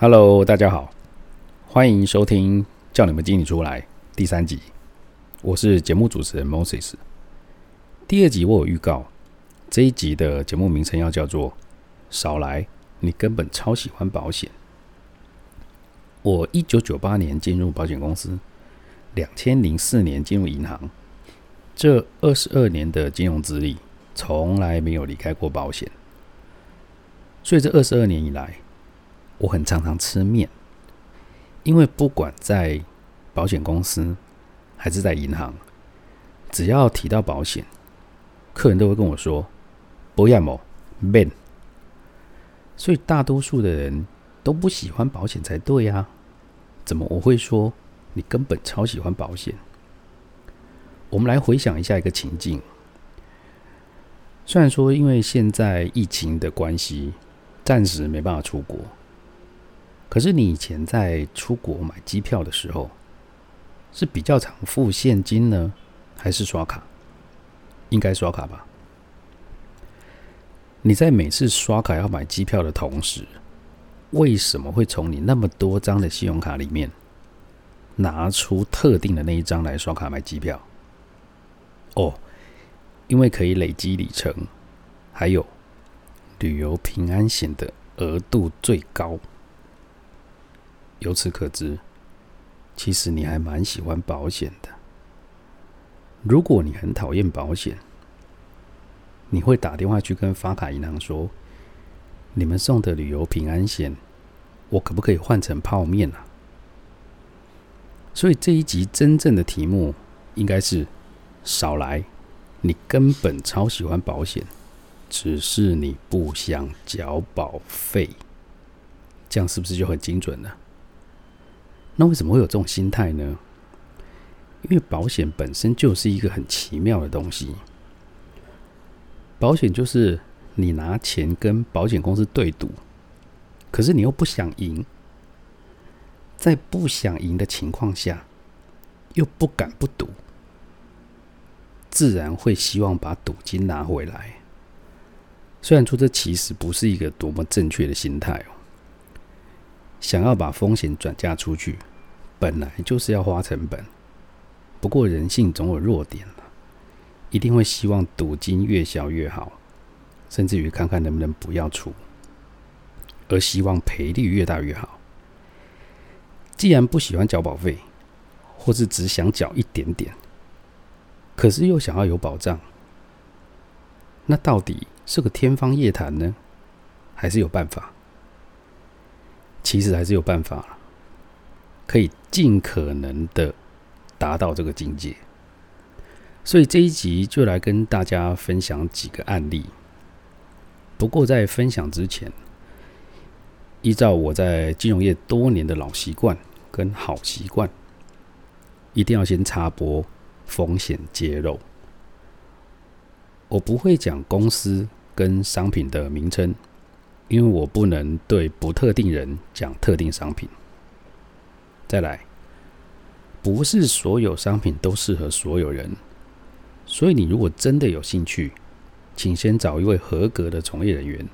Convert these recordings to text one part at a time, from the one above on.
Hello，大家好，歡迎收聽叫你們經理出來第三集。我是節目主持人 Moses。第二集我有預告，這一集的節目名稱要叫做“少來，你根本超喜歡保險”。我一九九八年進入保險公司，兩千零四年進入銀行，這二十二年的金融資歷從來沒有離開過保險。所以，這二十二年以來，我很常常吃麵，因為不管在保險公司還是在銀行，只要提到保險，客人都會跟我說：“不要嘛，麵。”所以大多數的人都不喜歡保險才對啊？怎麼我會說你根本超喜歡保險？我們來回想一下一個情境，雖然說因為現在疫情的關係，暫時沒辦法出國。可是你以前在出國買機票的時候，是比較常付現金呢？還是刷卡？應該刷卡吧？你在每次刷卡要買機票的同時，為什麼會從你那麼多張的信用卡裡面拿出特定的那一張來刷卡買機票？哦，因為可以累積里程，還有旅遊平安險的額度最高。由此可知，其實你還蠻喜歡保險的。如果你很討厭保險，你會打電話去跟發卡銀行說：“你們送的旅游平安險，我可不可以換成泡麵啊？”所以這一集真正的題目應該是：少來，你根本超喜歡保險，只是你不想繳保費。這樣是不是就很精準了？那為什麼會有這種心態呢？因為保險本身就是一個很奇妙的東西。保險就是你拿錢跟保險公司對賭，可是你又不想贏，在不想贏的情況下，又不敢不賭，自然會希望把賭金拿回來。雖然說這其實不是一個多麼正確的心態哦。想要把風險轉嫁出去，本來就是要花成本。不過人性總有弱點，一定會希望賭金越小越好，甚至於看看能不能不要出，而希望賠率越大越好。既然不喜歡繳保費，或是只想繳一點點，可是又想要有保障，那到底是個天方夜譚呢？還是有辦法？其實還是有辦法，可以盡可能的達到這個境界。所以這一集就來跟大家分享幾個案例。不過在分享之前，依照我在金融業多年的老習慣跟好習慣，一定要先插播風險揭露。我不會講公司跟商品的名稱。因為我不能對不特定人講特定商品。再來，不是所有商品都適合所有人，所以你如果真的有興趣，請先找一位合格的從業人員，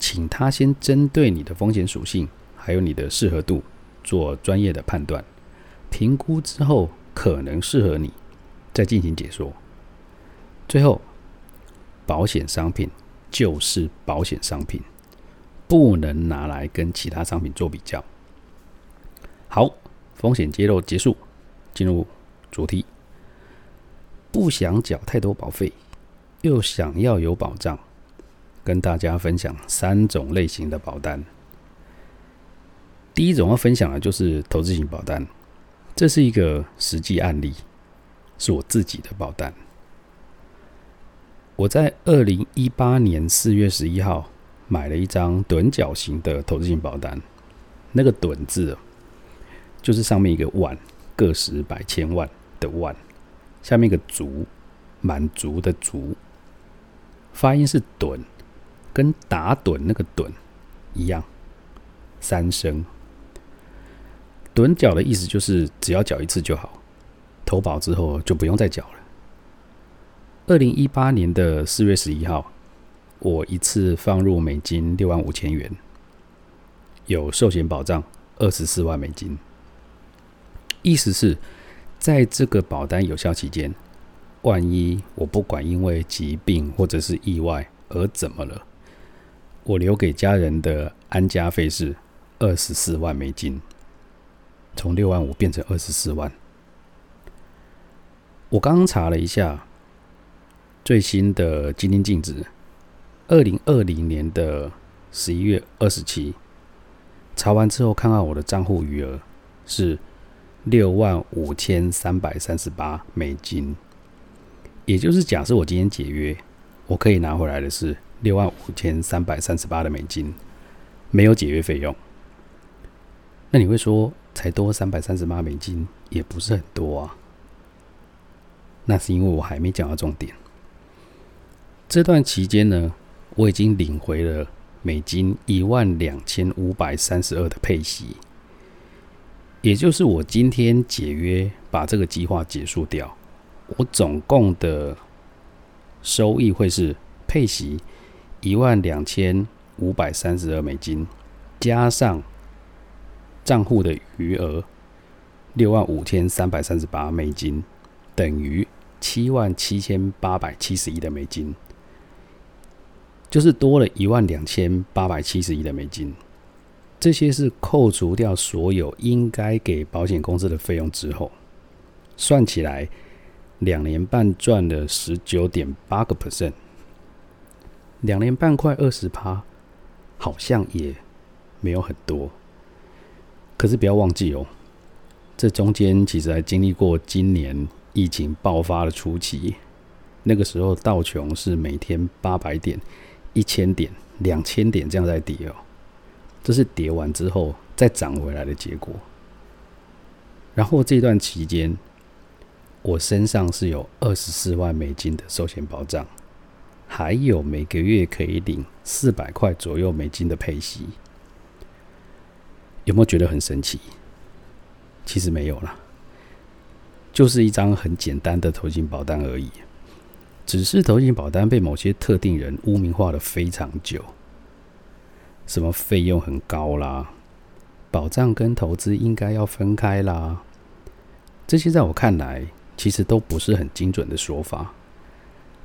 請他先針對你的風險屬性還有你的適合度做專業的判斷，評估之後可能適合你，再進行解說。最後，保險商品。就是保險商品，不能拿來跟其他商品做比較。好，風險揭露結束，進入主題。不想繳太多保費，又想要有保障，跟大家分享三種類型的保單。第一種要分享的就是投資型保單，這是一個實際案例，是我自己的保單。我在二零一八年四月十一號買了一張躉繳型的投資型保單，那個“躉”字，就是上面一個“萬”，個十百千萬的“萬”，下面一個“足”，滿足的“足”，發音是“躉”，跟打盹那個“盹”一樣，三聲。躉繳的意思就是只要繳一次就好，投保之後就不用再繳了。二零一八年的四月十一號，我一次放入美金六萬五千元，有壽險保障二十四萬美金。意思是，在這個保單有效期間，萬一我不管因為疾病或者是意外而怎麼了，我留給家人的安家費是二十四萬美金，從六萬五變成二十四萬。我剛查了一下。最新的基金淨值，二零二零年的十一月二十七，查完之後看看我的賬戶餘額是六萬五千三百三十八美金，也就是假設我今天解約，我可以拿回來的是六萬五千三百三十八的美金，沒有解約費用。那你會說，才多三百三十八美金，也不是很多啊。那是因為我還沒講到重點。這段期間呢，我已經領回了美金一萬兩千五百三十二的配息，也就是我今天解約把這個計劃結束掉，我總共的收益會是配息一萬兩千五百三十二美金，加上賬戶的餘額六萬五千三百三十八美金，等於七萬七千八百七十一的美金。就是多了一萬兩千八百七十億的美金，這些是扣除掉所有應該給保險公司的費用之後，算起來兩年半賺了十九點八個 percent，兩年半快二十趴，好像也沒有很多，可是不要忘記哦，這中間其實還經歷過今年疫情爆發的初期，那個時候道瓊是每天八百點。一千點、兩千點這樣在跌哦，這是跌完之後再漲回來的結果。然後這段期間，我身上是有二十四萬美金的壽險保障，還有每個月可以領四百塊左右美金的配息。有沒有覺得很神奇？其實沒有啦，就是一張很簡單的投資保單而已。只是投資型保單被某些特定人污名化了非常久，什麼費用很高啦，保障跟投資應該要分開啦，這些在我看來其實都不是很精準的說法，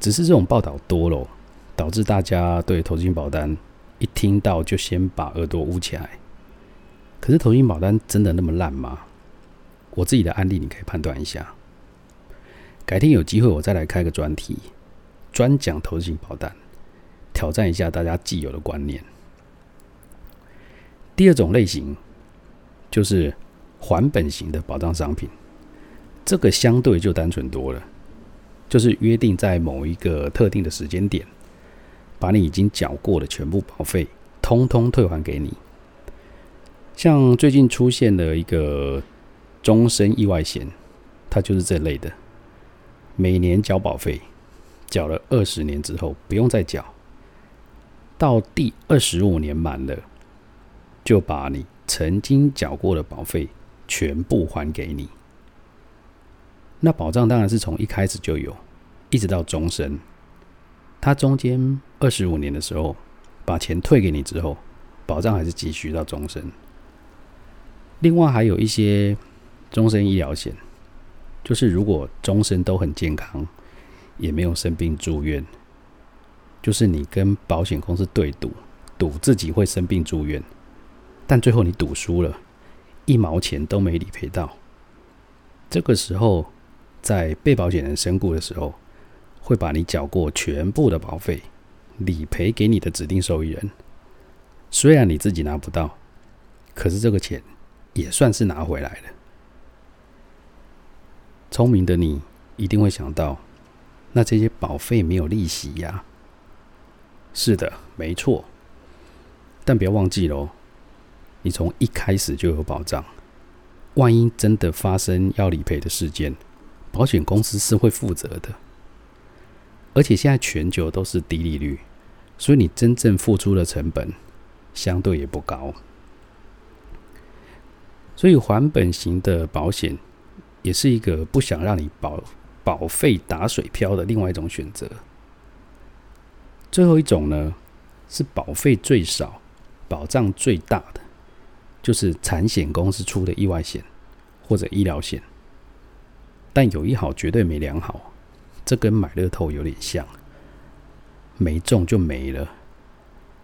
只是這種報道多咯，導致大家對投資型保單一聽到就先把耳朵捂起來。可是投資型保單真的那麼爛嗎？我自己的案例，你可以判斷一下。改天有機會，我再來開個專題，專講投資型保單，挑戰一下大家既有的觀念。第二種類型就是還本型的保障商品，這個相對就單純多了，就是約定在某一個特定的時間點，把你已經繳過的全部保費，通通退還給你。像最近出現的一個終身意外險，它就是這類的。每年繳保費，繳了二十年之後不用再繳。到第二十五年滿了，就把你曾經繳過的保費全部還給你。那保障當然是從一開始就有，一直到終身。它中間二十五年的時候把錢退給你之後，保障還是繼續到終身。另外還有一些終身醫療險。就是如果終身都很健康，也沒有生病住院，就是你跟保險公司對賭，賭自己會生病住院，但最後你賭輸了，一毛錢都沒理賠到。這個時候，在被保險人身故的時候，會把你繳過全部的保費理賠給你的指定受益人。雖然你自己拿不到，可是這個錢也算是拿回來了。聰明的你一定會想到，那這些保費沒有利息呀？是的，沒錯，但不要忘記了哦，你從一開始就有保障，萬一真的發生要理賠的事件，保險公司是會負責的。而且現在全球都是低利率，所以你真正付出的成本相對也不高，所以還本型的保險。也是一個不想讓你保保費打水漂的另外一種選擇。最後一種呢，是保費最少、保障最大的，就是產險公司出的意外險或者醫療險。但有一好，絕對沒兩好，這跟買樂透有點像，沒中就沒了。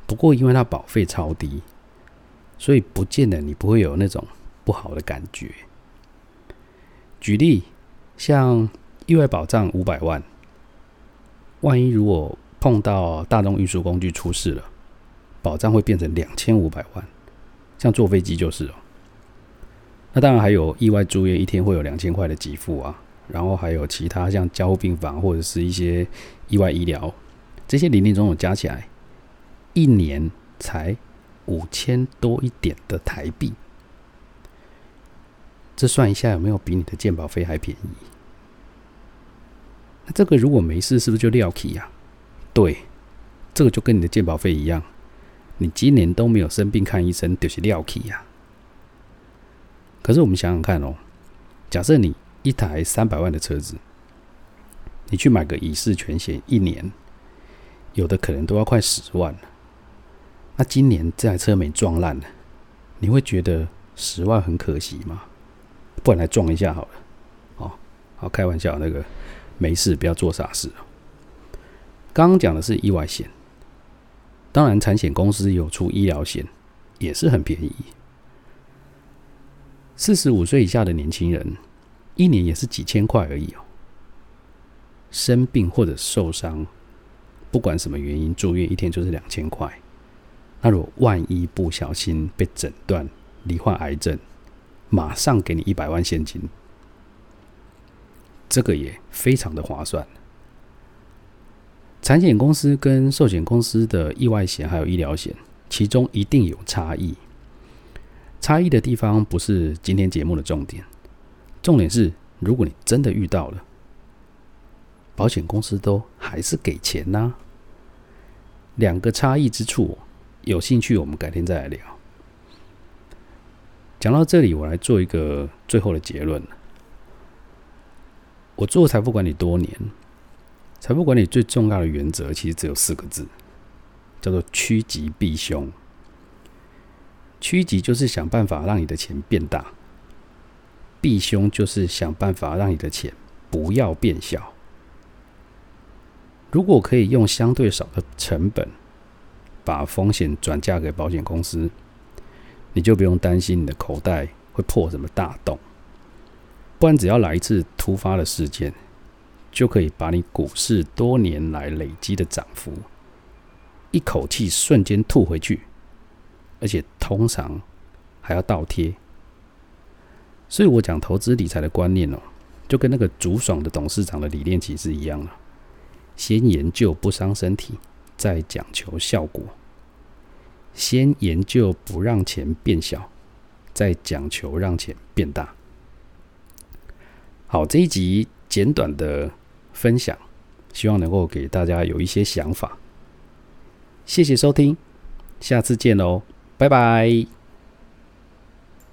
不過因為它保費超低，所以不見得你不會有那種不好的感覺。舉例，像意外保障五百萬，萬一如果碰到大眾運輸工具出事了，保障會變成兩千五百萬。像坐飛機就是哦。那當然還有意外住院一天會有兩千塊的給付啊，然後還有其他像加護病房或者是一些意外醫療，這些零零總總加起來，一年才五千多一點的台幣。這算一下有沒有比你的鑑寶費還便宜？那這個如果沒事，是不是就料 u 呀？對，這個就跟你的鑑寶費一樣，你今年都沒有生病看醫生，就是料 u 呀。可是我們想想看哦，假設你一台三百萬的車子，你去買個已逝全險一年，有的可能都要快十萬了。那今年這台車沒撞爛，你會覺得十萬很可惜嗎？不然來撞一下好了，好，好，開玩笑，那個沒事，不要做傻事。剛剛講的是意外險，當然，產險公司有出醫療險，也是很便宜。四十五歲以下的年輕人，一年也是幾千塊而已哦。生病或者受傷，不管什麼原因，住院一天就是兩千塊。那如果萬一不小心被診斷罹患癌症，馬上給你一百萬現金，這個也非常的划算。產險公司跟壽險公司的意外險還有醫療險，其中一定有差異。差異的地方不是今天節目的重點，重點是如果你真的遇到了，保險公司都還是給錢吶。兩個差異之處，有興趣我們改天再來聊。講到這裡，我來做一個最後的結論。我做財富管理多年，財富管理最重要的原則其實只有四個字，叫做趨吉避凶。趨吉就是想辦法讓你的錢變大，避凶就是想辦法讓你的錢不要變小。如果可以用相對少的成本，把風險轉嫁給保險公司。你就不用擔心你的口袋會破什麼大洞，不然只要來一次突發的事件，就可以把你股市多年來累積的漲幅，一口氣瞬間吐回去，而且通常還要倒貼。所以我講投資理財的觀念哦，就跟那個竹爽的董事長的理念其實一樣了，先研究不傷身體，再講求效果。先研究不讓錢變小，再講求讓錢變大。好，這一集簡短的分享，希望能夠給大家有一些想法。謝謝收聽，下次見嘍，拜拜。